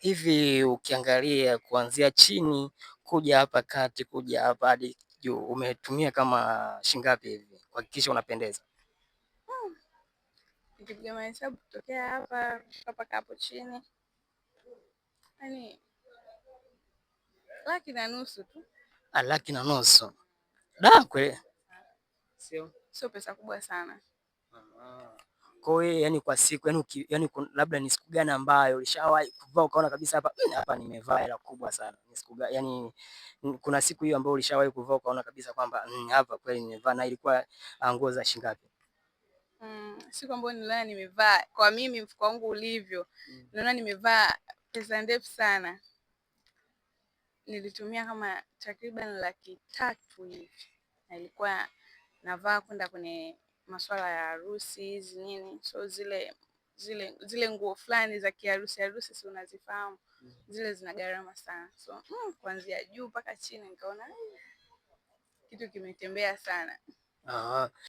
hivi ukiangalia kuanzia chini kuja hapa kati kuja hapa hadi juu, umetumia kama shingapi hivi kuhakikisha unapendeza? Hmm. Nikipiga mahesabu kutokea hapa mpaka hapo chini, yani laki na nusu tu. Ah, laki na nusu da, kweli sio sio pesa kubwa sana. Aha. Kwa hiyo yani kwa siku yani, yani labda ni siku gani ambayo ulishawahi kuvaa ukaona kabisa hapa hmm, hapa nimevaa hela kubwa sana? Ni siku gani? Yani kuna siku hiyo ambayo ulishawahi kuvaa ukaona kabisa kwamba hmm, hapa kweli nimevaa, na ilikuwa ah, nguo za shingapi? Mm, siku ambayo niliona nimevaa kwa mimi mfuko wangu ulivyo, mm, naona nimevaa pesa ndefu sana, nilitumia kama takriban laki tatu hivi, na ilikuwa navaa kwenda kwenye maswala ya harusi hizi nini so zile zile zile nguo fulani za kiharusi harusi si unazifahamu mhm. zile zina gharama sana so mm, kuanzia juu mpaka chini nikaona eh, kitu kimetembea sana Aha.